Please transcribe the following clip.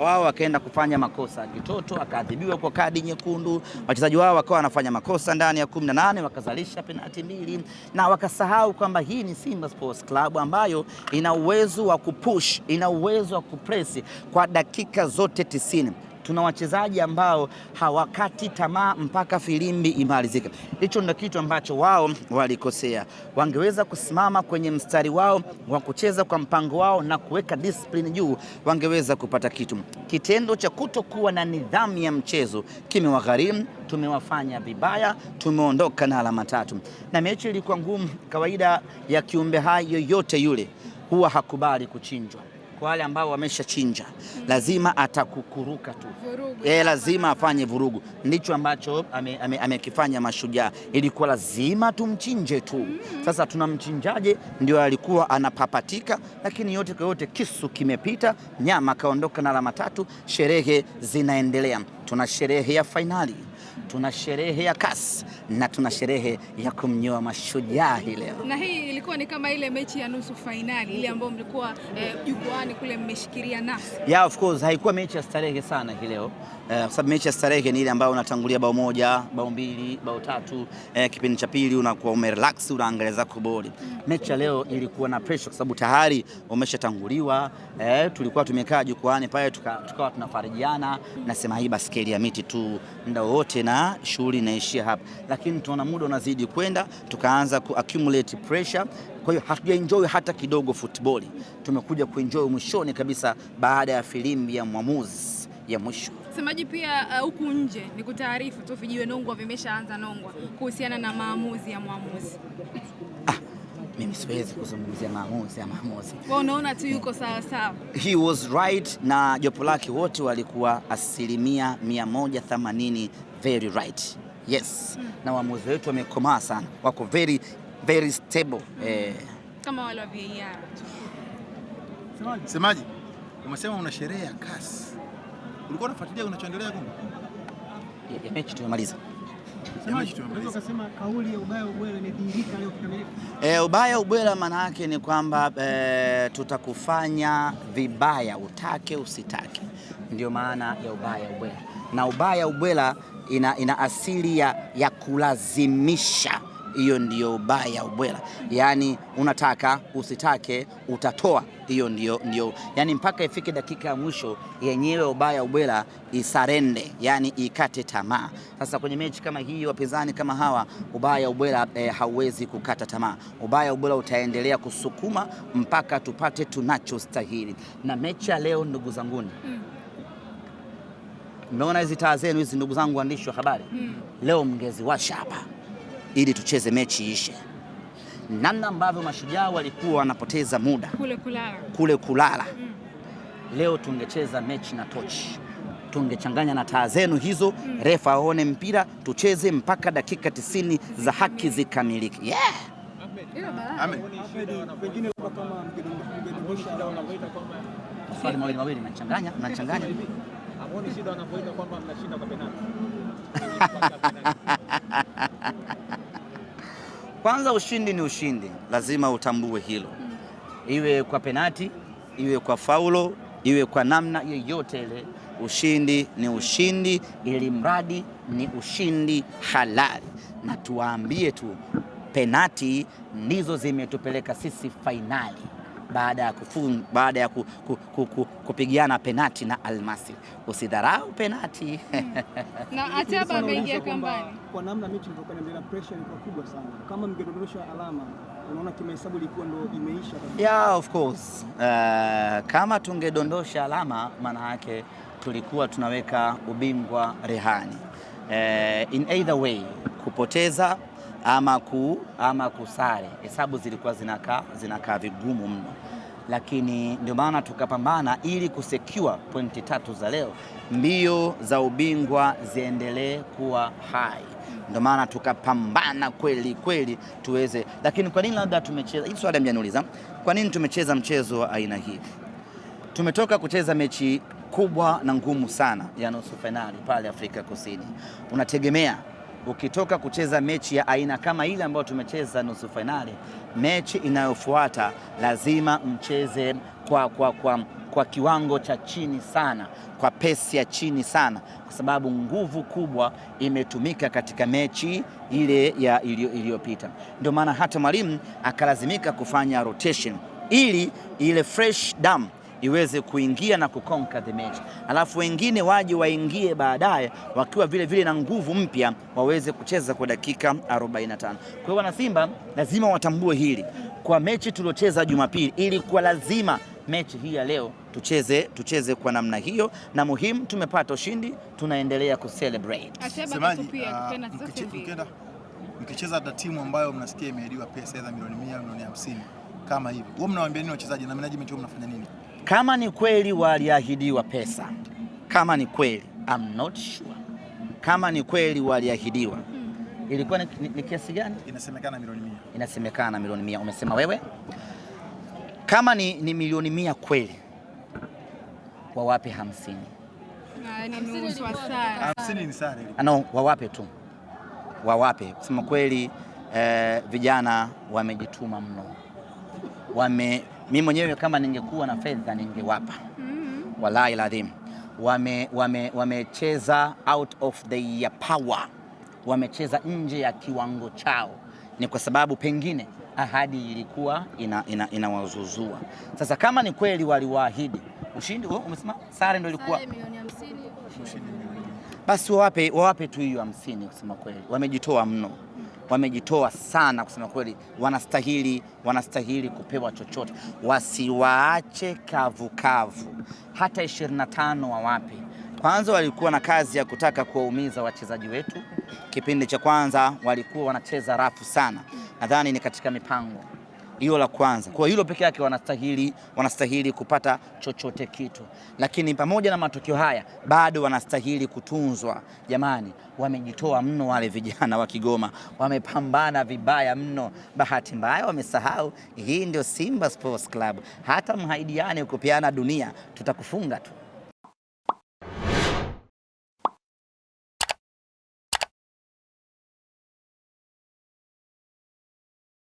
wao wakaenda kufanya makosa kitoto, akaadhibiwa kwa kadi nyekundu. Wachezaji wao wakawa wanafanya makosa ndani ya 18 wakazalisha penalti mbili, na wakasahau kwamba hii ni Simba Sports Club ambayo ina uwezo wa kupush, ina uwezo wa kupress kwa dakika zote tisini tuna wachezaji ambao hawakati tamaa mpaka filimbi imalizike. Hicho ndio kitu ambacho wao walikosea. Wangeweza kusimama kwenye mstari wao wa kucheza kwa mpango wao na kuweka discipline juu, wangeweza kupata kitu. Kitendo cha kutokuwa na nidhamu ya mchezo kimewagharimu, tumewafanya vibaya, tumeondoka na alama tatu, na mechi ilikuwa ngumu. Kawaida ya kiumbe hai yoyote yule huwa hakubali kuchinjwa kwa wale ambao wameshachinja mm. lazima atakukuruka tu e, lazima afanye vurugu. Ndicho ambacho amekifanya ame, ame Mashujaa. Ilikuwa lazima tumchinje tu mm. Sasa tunamchinjaje? Ndio alikuwa anapapatika, lakini yote kwa yote kisu kimepita, nyama kaondoka na alama tatu. Sherehe zinaendelea, tuna sherehe ya fainali tuna sherehe ya kasi na tuna sherehe ya kumnyoa mashujaa hii leo. Na hii ilikuwa ni kama ile mechi ya nusu fainali ile ambayo mlikuwa eh, jukwaani eh, kule mmeshikilia nafsi. Yeah, of course haikuwa mechi ya starehe sana hii leo eh, kwa sababu mechi ya starehe ni ile ambayo unatangulia bao moja, bao mbili, bao tatu eh, kipindi cha pili unakuwa umerelax unaangalia zako boli. Mm. Mechi ya leo ilikuwa na pressure kwa sababu tayari umeshatanguliwa eh, tulikuwa tumekaa jukwaani pale tukawa tunafarijiana, mm. nasema hii baskeli ya miti tu muda wote na shughuli inaishia hapa, lakini tunaona muda unazidi kwenda, tukaanza ku accumulate pressure. Kwa hiyo hatuja enjoy hata kidogo football, tumekuja kuenjoy mwishoni kabisa baada ya filimbi ya mwamuzi ya mwisho. semaji pia uh, huku uh, nje ni kutaarifu tu vijiwe nongwa vimeshaanza nongwa kuhusiana na maamuzi ya mwamuzi mimi siwezi kuzungumzia maamuzi ya maamuzi. Unaona tu yuko sawa sawa. He was right na jopo lake wote walikuwa asilimia 180 very right. Yes. Hmm. Na waamuzi wetu wamekomaa sana, wako very very stable. Hmm. Eh. Kama wale wa VAR. Semaji, Semaji, umesema una sherehe ya CAS. Ulikuwa unafuatilia unachoendelea kumbe? Ya mechi tumemaliza. E, ubaya ubwela maana yake ni kwamba e, tutakufanya vibaya utake usitake, ndio maana ya ubaya ubwela, na ubaya ubwela ina, ina asili ya, ya kulazimisha hiyo ndiyo ubaya ubwela, yaani unataka usitake utatoa. Hiyo ndio, ndiyo yaani mpaka ifike dakika ya mwisho yenyewe ubaya ubwela isarende, yaani ikate tamaa. Sasa kwenye mechi kama hii, wapinzani kama hawa, ubaya ubwela e, hauwezi kukata tamaa. Ubaya ubwela utaendelea kusukuma mpaka tupate tunachostahili. Na mechi ya leo, ndugu zanguni, mm. Mmeona hizi taa zenu hizi, ndugu zangu waandishi wa habari mm. Leo mngeziwasha hapa ili tucheze mechi ishe. Namna ambavyo mashujaa walikuwa wanapoteza muda kule kulala, kule kulala. Mm. Leo tungecheza mechi na tochi, tungechanganya na taa zenu hizo mm. Refa aone mpira, tucheze mpaka dakika tisini za haki zikamilike. yeah. Amen. Kwanza ushindi ni ushindi, lazima utambue hilo mm. Iwe kwa penati, iwe kwa faulo, iwe kwa namna yoyote ile, ushindi ni ushindi, ili mradi ni ushindi halali. Na tuwaambie tu penati ndizo zimetupeleka sisi fainali baada ya kufun, baada ya ku, ku, ku, ku, kupigiana penati na Almasi. Usidharau penati hmm. na Ateba ameingia kambani. Kwa namna mechi ilivyokuwa inaendelea, pressure ilikuwa kubwa sana. Kama mngedondosha alama, unaona kimahesabu ilikuwa ndio imeisha kabisa. Yeah, of course. Uh, kama tungedondosha alama, maana yake tulikuwa tunaweka ubingwa rehani. Uh, in either way kupoteza ama ku ama kusare, hesabu zilikuwa zinakaa zinakaa vigumu mno lakini ndio maana tukapambana ili kusecure pointi tatu za leo. Mbio za ubingwa ziendelee kuwa hai, ndio maana tukapambana kweli kweli tuweze. Lakini kwa nini labda tumecheza hii, swali, mjaniuliza kwa nini tumecheza mchezo wa aina hii? Tumetoka kucheza mechi kubwa na ngumu sana ya nusu fainali pale Afrika Kusini, unategemea ukitoka kucheza mechi ya aina kama ile ambayo tumecheza nusu fainali, mechi inayofuata lazima mcheze kwa, kwa, kwa, kwa kiwango cha chini sana, kwa pesi ya chini sana, kwa sababu nguvu kubwa imetumika katika mechi ile ya iliyopita. Ndio maana hata mwalimu akalazimika kufanya rotation ili ile fresh damu iweze kuingia na kukonka the match, alafu wengine waje waingie baadaye wakiwa vile vile na nguvu mpya waweze kucheza kwa dakika 45. Kwa hiyo wanasimba lazima watambue hili kwa mechi tuliocheza Jumapili, ili kwa lazima mechi hii ya leo tucheze tucheze kwa namna hiyo, na muhimu tumepata ushindi, tunaendelea kucelebrate. Ah, mkicheza na timu ambayo mnasikia imeidiwa pesa za milioni 100 milioni 50 kama hivi, wewe mnawaambia nini wachezaji na management, mnafanya nini? kama ni kweli waliahidiwa pesa, kama ni kweli I'm not sure, kama ni kweli waliahidiwa ilikuwa ni, ni, ni kiasi gani? Inasemekana milioni mia. Inasemekana milioni mia, umesema wewe. Kama ni, ni milioni mia kweli, wawape hamsini. No, wawape tu, wawape kusema kweli. Eh, vijana wamejituma mno, wame mimi mwenyewe kama ningekuwa na fedha ningewapa, mm -hmm. Wallahi ladhim, wamecheza wame, wamecheza out of their power, wamecheza nje ya kiwango chao. Ni kwa sababu pengine ahadi ilikuwa inawazuzua ina, ina sasa. Kama ni kweli waliwaahidi ushindi, umesema sare ndio ilikuwa basi, wawape, wawape tu hiyo hamsini. Kusema kweli wamejitoa mno wamejitoa sana kusema kweli, wanastahili wanastahili kupewa chochote, wasiwaache kavu kavu. Hata 25 wawape kwanza. Walikuwa na kazi ya kutaka kuwaumiza wachezaji wetu. Kipindi cha kwanza walikuwa wanacheza rafu sana, nadhani ni katika mipango hiyo la kwanza. Kwa hilo peke yake wanastahili, wanastahili kupata chochote kitu, lakini pamoja na matokeo haya bado wanastahili kutunzwa. Jamani, wamejitoa mno wale vijana wa Kigoma, wamepambana vibaya mno. Bahati mbaya wamesahau hii ndio Simba Sports Club. Hata mhaidiane kupeana dunia, tutakufunga tu.